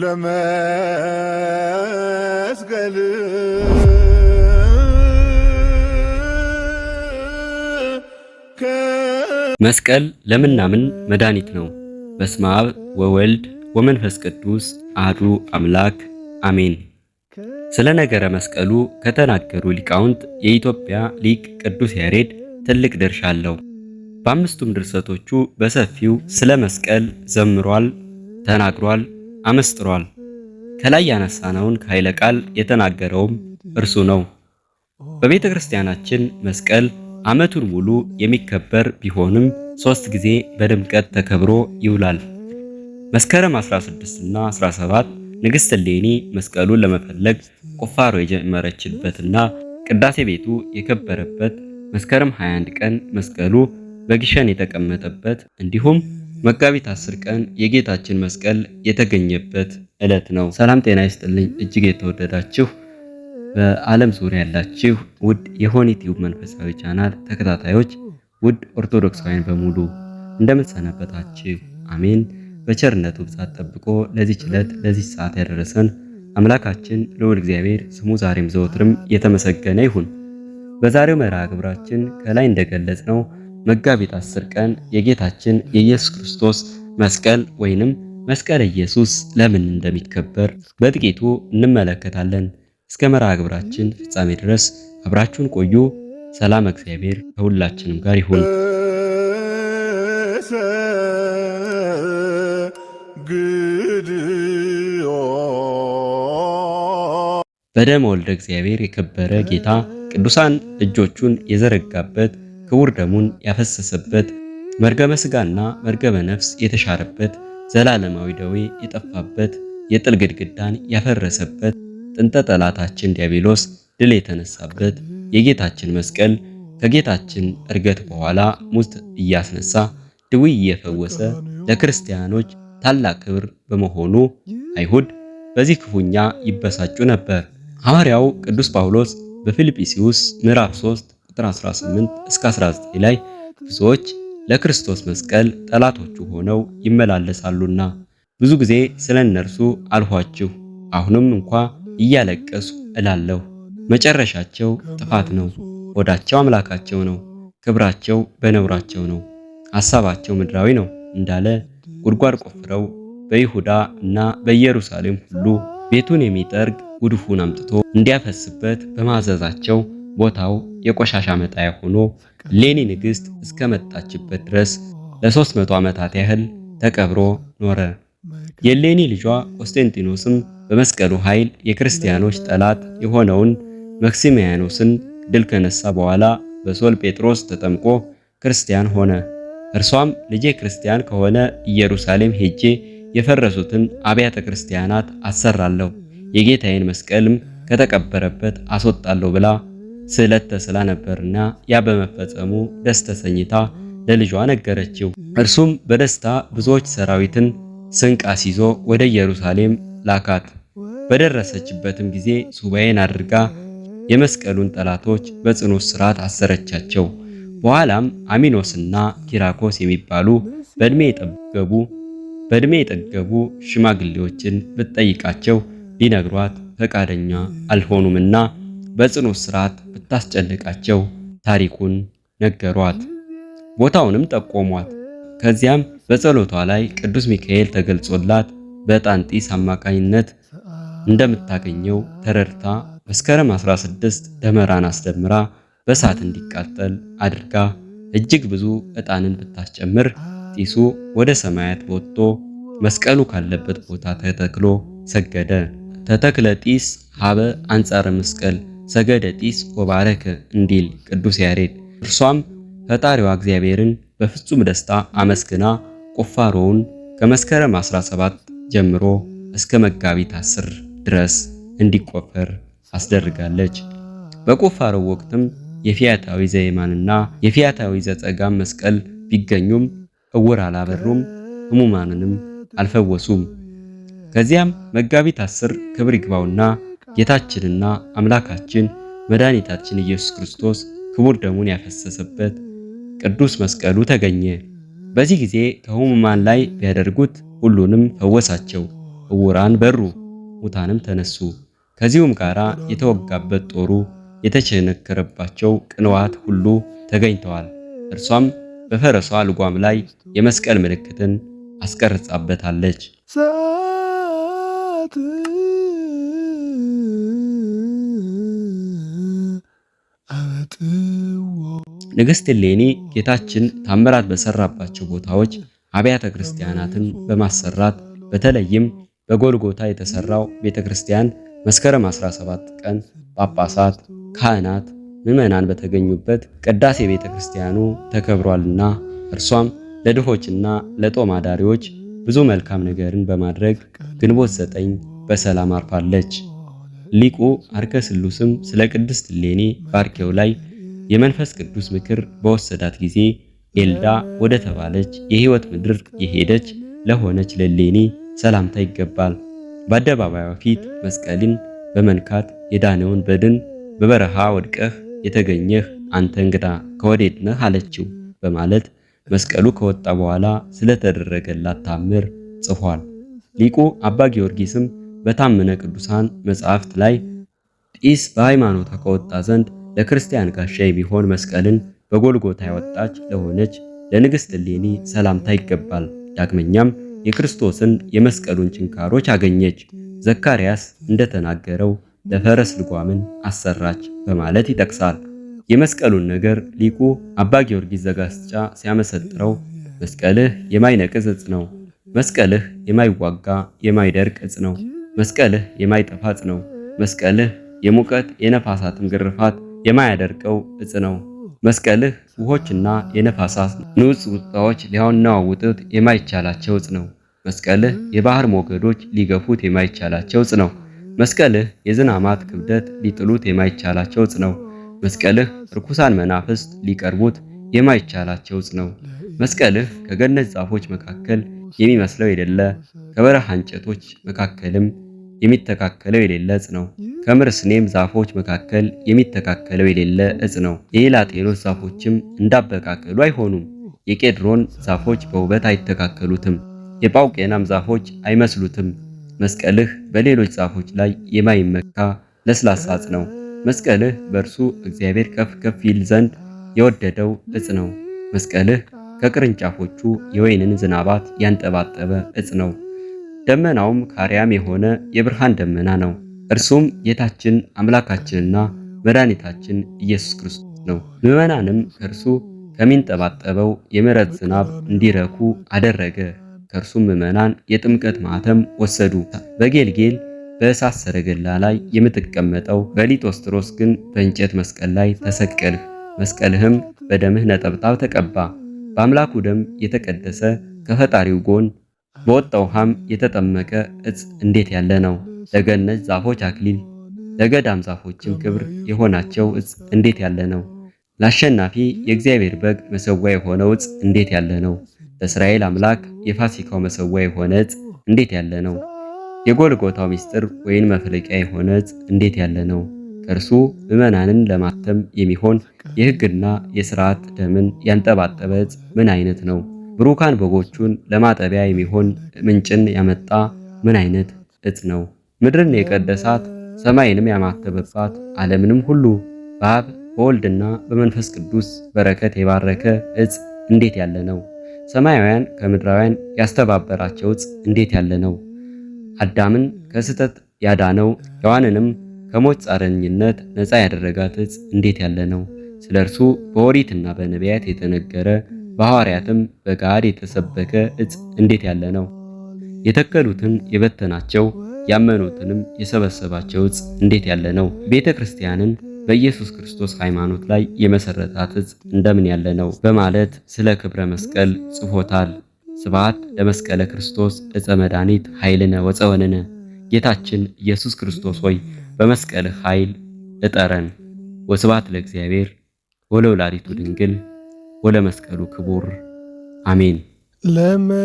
ለመስቀል መስቀል ለምናምን መድኃኒት ነው። በስመ አብ ወወልድ ወመንፈስ ቅዱስ አሐዱ አምላክ አሜን። ስለ ነገረ መስቀሉ ከተናገሩ ሊቃውንት የኢትዮጵያ ሊቅ ቅዱስ ያሬድ ትልቅ ድርሻ አለው። በአምስቱም ድርሰቶቹ በሰፊው ስለ መስቀል ዘምሯል፣ ተናግሯል አመስጥሯል። ከላይ ያነሳነውን ከኃይለ ቃል የተናገረውም እርሱ ነው። በቤተ ክርስቲያናችን መስቀል ዓመቱን ሙሉ የሚከበር ቢሆንም ሦስት ጊዜ በድምቀት ተከብሮ ይውላል። መስከረም 16 እና 17 ንግሥት ሌኒ መስቀሉን ለመፈለግ ቁፋሮ የጀመረችበትና ቅዳሴ ቤቱ የከበረበት መስከረም 21 ቀን መስቀሉ በግሸን የተቀመጠበት እንዲሁም መጋቢት አስር ቀን የጌታችን መስቀል የተገኘበት ዕለት ነው። ሰላም ጤና ይስጥልኝ። እጅግ የተወደዳችሁ በዓለም ዙሪያ ያላችሁ ውድ የሆኒ ቲዩብ መንፈሳዊ ቻናል ተከታታዮች፣ ውድ ኦርቶዶክሳውያን በሙሉ እንደምን አሜን። በቸርነቱ ብዛት ጠብቆ ለዚች ዕለት ለዚህ ሰዓት ያደረሰን አምላካችን ልዑል እግዚአብሔር ስሙ ዛሬም ዘወትርም የተመሰገነ ይሁን። በዛሬው መርሃ ግብራችን ከላይ እንደገለጽ ነው መጋቢት አስር ቀን የጌታችን የኢየሱስ ክርስቶስ መስቀል ወይንም መስቀል ኢየሱስ ለምን እንደሚከበር በጥቂቱ እንመለከታለን። እስከ መርሃ ግብራችን ፍጻሜ ድረስ አብራችሁን ቆዩ። ሰላም እግዚአብሔር ከሁላችንም ጋር ይሁን። በደመ ወልደ እግዚአብሔር የከበረ ጌታ ቅዱሳን እጆቹን የዘረጋበት ክቡር ደሙን ያፈሰሰበት መርገመ ሥጋና መርገመ ነፍስ የተሻረበት ዘላለማዊ ደዌ የጠፋበት የጥል ግድግዳን ያፈረሰበት ጥንተ ጠላታችን ዲያብሎስ ድል የተነሳበት የጌታችን መስቀል ከጌታችን እርገት በኋላ ሙት እያስነሳ ድዊ እየፈወሰ ለክርስቲያኖች ታላቅ ክብር በመሆኑ አይሁድ በዚህ ክፉኛ ይበሳጩ ነበር። ሐዋርያው ቅዱስ ጳውሎስ በፊልጵስዩስ ምዕራፍ 3 ቁጥር 18 እስከ 19 ላይ ብዙዎች ለክርስቶስ መስቀል ጠላቶቹ ሆነው ይመላለሳሉና ብዙ ጊዜ ስለ እነርሱ አልኋችሁ፣ አሁንም እንኳ እያለቀሱ እላለሁ። መጨረሻቸው ጥፋት ነው። ሆዳቸው አምላካቸው ነው፣ ክብራቸው በነውራቸው ነው፣ ሐሳባቸው ምድራዊ ነው እንዳለ ጉድጓድ ቆፍረው በይሁዳ እና በኢየሩሳሌም ሁሉ ቤቱን የሚጠርግ ጉድፉን አምጥቶ እንዲያፈስበት በማዘዛቸው ቦታው የቆሻሻ መጣያ ሆኖ ሌኒ ንግሥት እስከመጣችበት ድረስ ለሦስት 300 ዓመታት ያህል ተቀብሮ ኖረ። የሌኒ ልጇ ቆስጤንጢኖስም በመስቀሉ ኃይል የክርስቲያኖች ጠላት የሆነውን መክሲሚያኖስን ድል ከነሳ በኋላ በሶል ጴጥሮስ ተጠምቆ ክርስቲያን ሆነ። እርሷም ልጄ ክርስቲያን ከሆነ ኢየሩሳሌም ሄጄ የፈረሱትን አብያተ ክርስቲያናት አሰራለሁ፣ የጌታዬን መስቀልም ከተቀበረበት አስወጣለሁ ብላ ስዕለት ተስላ ነበርና ያ በመፈጸሙ ደስ ተሰኝታ ለልጇ ነገረችው። እርሱም በደስታ ብዙዎች ሰራዊትን ስንቅ አስይዞ ወደ ኢየሩሳሌም ላካት። በደረሰችበትም ጊዜ ሱባኤን አድርጋ የመስቀሉን ጠላቶች በጽኑ ስርዓት አሰረቻቸው። በኋላም አሚኖስና ኪራኮስ የሚባሉ በእድሜ የጠገቡ በእድሜ የጠገቡ ሽማግሌዎችን ብትጠይቃቸው ሊነግሯት ፈቃደኛ አልሆኑምና በጽኑ ስርዓት ብታስጨንቃቸው ታሪኩን ነገሯት፣ ቦታውንም ጠቆሟት። ከዚያም በጸሎቷ ላይ ቅዱስ ሚካኤል ተገልጾላት በዕጣን ጢስ አማካኝነት እንደምታገኘው ተረድታ መስከረም 16 ደመራን አስደምራ በእሳት እንዲቃጠል አድርጋ እጅግ ብዙ ዕጣንን ብታስጨምር ጢሱ ወደ ሰማያት ወጥቶ መስቀሉ ካለበት ቦታ ተተክሎ ሰገደ። ተተክለ ጢስ ሀበ አንጻረ መስቀል ሰገደ ጢስ ወባረከ እንዲል ቅዱስ ያሬድ። እርሷም ፈጣሪዋ እግዚአብሔርን በፍጹም ደስታ አመስግና ቁፋሮውን ከመስከረም 17 ጀምሮ እስከ መጋቢት 10 ድረስ እንዲቆፈር አስደርጋለች። በቁፋሮው ወቅትም የፊያታዊ ዘየማንና የፊያታዊ ዘጸጋም መስቀል ቢገኙም እውር አላበሩም፣ ሕሙማንንም አልፈወሱም። ከዚያም መጋቢት 10 ክብር ይግባውና ጌታችንና አምላካችን መድኃኒታችን ኢየሱስ ክርስቶስ ክቡር ደሙን ያፈሰሰበት ቅዱስ መስቀሉ ተገኘ። በዚህ ጊዜ ከሕሙማን ላይ ቢያደርጉት ሁሉንም ፈወሳቸው። እውራን በሩ፣ ሙታንም ተነሱ። ከዚሁም ጋራ የተወጋበት ጦሩ የተቸነከረባቸው ቅንዋት ሁሉ ተገኝተዋል። እርሷም በፈረሷ ልጓም ላይ የመስቀል ምልክትን አስቀርጻበታለች። ንግሥት እሌኒ ጌታችን ታምራት በሰራባቸው ቦታዎች አብያተ ክርስቲያናትን በማሰራት በተለይም በጎልጎታ የተሰራው ቤተ ክርስቲያን መስከረም 17 ቀን ጳጳሳት፣ ካህናት፣ ምዕመናን በተገኙበት ቅዳሴ ቤተ ክርስቲያኑ ተከብሯልና እርሷም ለድሆችና ለጦም አዳሪዎች ብዙ መልካም ነገርን በማድረግ ግንቦት ዘጠኝ በሰላም አርፋለች። ሊቁ አርከስሉስም ስለ ቅድስት እሌኒ ባርኬው ላይ የመንፈስ ቅዱስ ምክር በወሰዳት ጊዜ ኤልዳ ወደ ተባለች የሕይወት ምድር የሄደች ለሆነች ለሌኒ ሰላምታ ይገባል። በአደባባዩ ፊት መስቀልን በመንካት የዳነውን በድን በበረሃ ወድቀህ የተገኘህ አንተ እንግዳ ከወዴት ነህ አለችው በማለት መስቀሉ ከወጣ በኋላ ስለተደረገላት ታምር ጽፏል። ሊቁ አባ ጊዮርጊስም በታመነ ቅዱሳን መጽሐፍት ላይ ጢስ በሃይማኖቷ ከወጣ ዘንድ ለክርስቲያን ጋሻ የሚሆን መስቀልን በጎልጎታ ያወጣች ለሆነች ለንግሥት እሌኒ ሰላምታ ይገባል። ዳግመኛም የክርስቶስን የመስቀሉን ችንካሮች አገኘች። ዘካርያስ እንደተናገረው ለፈረስ ልጓምን አሰራች በማለት ይጠቅሳል። የመስቀሉን ነገር ሊቁ አባ ጊዮርጊስ ዘጋስጫ ሲያመሰጥረው መስቀልህ የማይነቅዝ ዕጽ ነው። መስቀልህ የማይዋጋ የማይደርቅ እጽ ነው። መስቀልህ የማይጠፋ ነው። መስቀልህ የሙቀት የነፋሳትም ግርፋት የማያደርቀው እጽ ነው። መስቀልህ ውሆችና የነፋሳት ንዑስ ውጣዎች ሊያናውጡት የማይቻላቸው እጽ ነው። መስቀልህ የባህር ሞገዶች ሊገፉት የማይቻላቸው እጽ ነው። መስቀልህ የዝናማት ክብደት ሊጥሉት የማይቻላቸው እጽ ነው። መስቀልህ ርኩሳን መናፍስት ሊቀርቡት የማይቻላቸው እጽ ነው። መስቀልህ ከገነት ዛፎች መካከል የሚመስለው የሌለ ከበረሃ እንጨቶች መካከልም የሚተካከለው የሌለ እጽ ነው። ከምርስኔም ዛፎች መካከል የሚተካከለው የሌለ እጽ ነው። የኢላጤኖስ ዛፎችም እንዳበቃቀሉ አይሆኑም። የቄድሮን ዛፎች በውበት አይተካከሉትም። የጳውቄናም ዛፎች አይመስሉትም። መስቀልህ በሌሎች ዛፎች ላይ የማይመካ ለስላሳ እጽ ነው። መስቀልህ በእርሱ እግዚአብሔር ከፍ ከፍ ይል ዘንድ የወደደው እጽ ነው። መስቀልህ ከቅርንጫፎቹ የወይንን ዝናባት ያንጠባጠበ እጽ ነው። ደመናውም ካሪያም የሆነ የብርሃን ደመና ነው። እርሱም ጌታችን አምላካችንና መድኃኒታችን ኢየሱስ ክርስቶስ ነው። ምዕመናንም ከእርሱ ከሚንጠባጠበው የምሕረት ዝናብ እንዲረኩ አደረገ። ከእርሱም ምዕመናን የጥምቀት ማኅተም ወሰዱ። በጌልጌል በእሳት ሰረገላ ላይ የምትቀመጠው በሊጦስትሮስ ግን በእንጨት መስቀል ላይ ተሰቀልህ። መስቀልህም በደምህ ነጠብጣብ ተቀባ። በአምላኩ ደም የተቀደሰ ከፈጣሪው ጎን በወጣ ውሃም የተጠመቀ እጽ እንዴት ያለ ነው! ለገነት ዛፎች አክሊል፣ ለገዳም ዛፎችም ክብር የሆናቸው እጽ እንዴት ያለ ነው! ለአሸናፊ የእግዚአብሔር በግ መሰዋ የሆነው እጽ እንዴት ያለ ነው! ለእስራኤል አምላክ የፋሲካው መሰዋ የሆነ እጽ እንዴት ያለ ነው! የጎልጎታው ምስጢር ወይን መፍለቂያ የሆነ እጽ እንዴት ያለ ነው! ከእርሱ ምዕመናንን ለማተም የሚሆን የሕግና የሥርዓት ደምን ያንጠባጠበ እጽ ምን አይነት ነው! ብሩካን በጎቹን ለማጠቢያ የሚሆን ምንጭን ያመጣ ምን አይነት እጽ ነው! ምድርን የቀደሳት ሰማይንም ያማተበባት ዓለምንም ሁሉ በአብ በወልድና በመንፈስ ቅዱስ በረከት የባረከ እጽ እንዴት ያለ ነው! ሰማያውያን ከምድራውያን ያስተባበራቸው እጽ እንዴት ያለ ነው! አዳምን ከስህተት ያዳነው ሔዋንንም ከሞት ጻረኝነት ነፃ ያደረጋት እጽ እንዴት ያለ ነው! ስለ እርሱ በኦሪትና በነቢያት የተነገረ በሐዋርያትም በጋድ የተሰበከ እጽ እንዴት ያለ ነው! የተከሉትን የበተናቸው ያመኑትንም የሰበሰባቸው እጽ እንዴት ያለ ነው! ቤተ ክርስቲያንን በኢየሱስ ክርስቶስ ሃይማኖት ላይ የመሰረታት እጽ እንደምን ያለ ነው በማለት ስለ ክብረ መስቀል ጽፎታል። ስብሐት ለመስቀለ ክርስቶስ ዕፀ መድኃኒት ኃይልነ ወፀወንነ። ጌታችን ኢየሱስ ክርስቶስ ሆይ በመስቀልህ ኃይል እጠረን። ወስብሐት ለእግዚአብሔር ወለወላዲቱ ድንግል ወለመስቀሉ ክቡር አሜን። ለመስቀል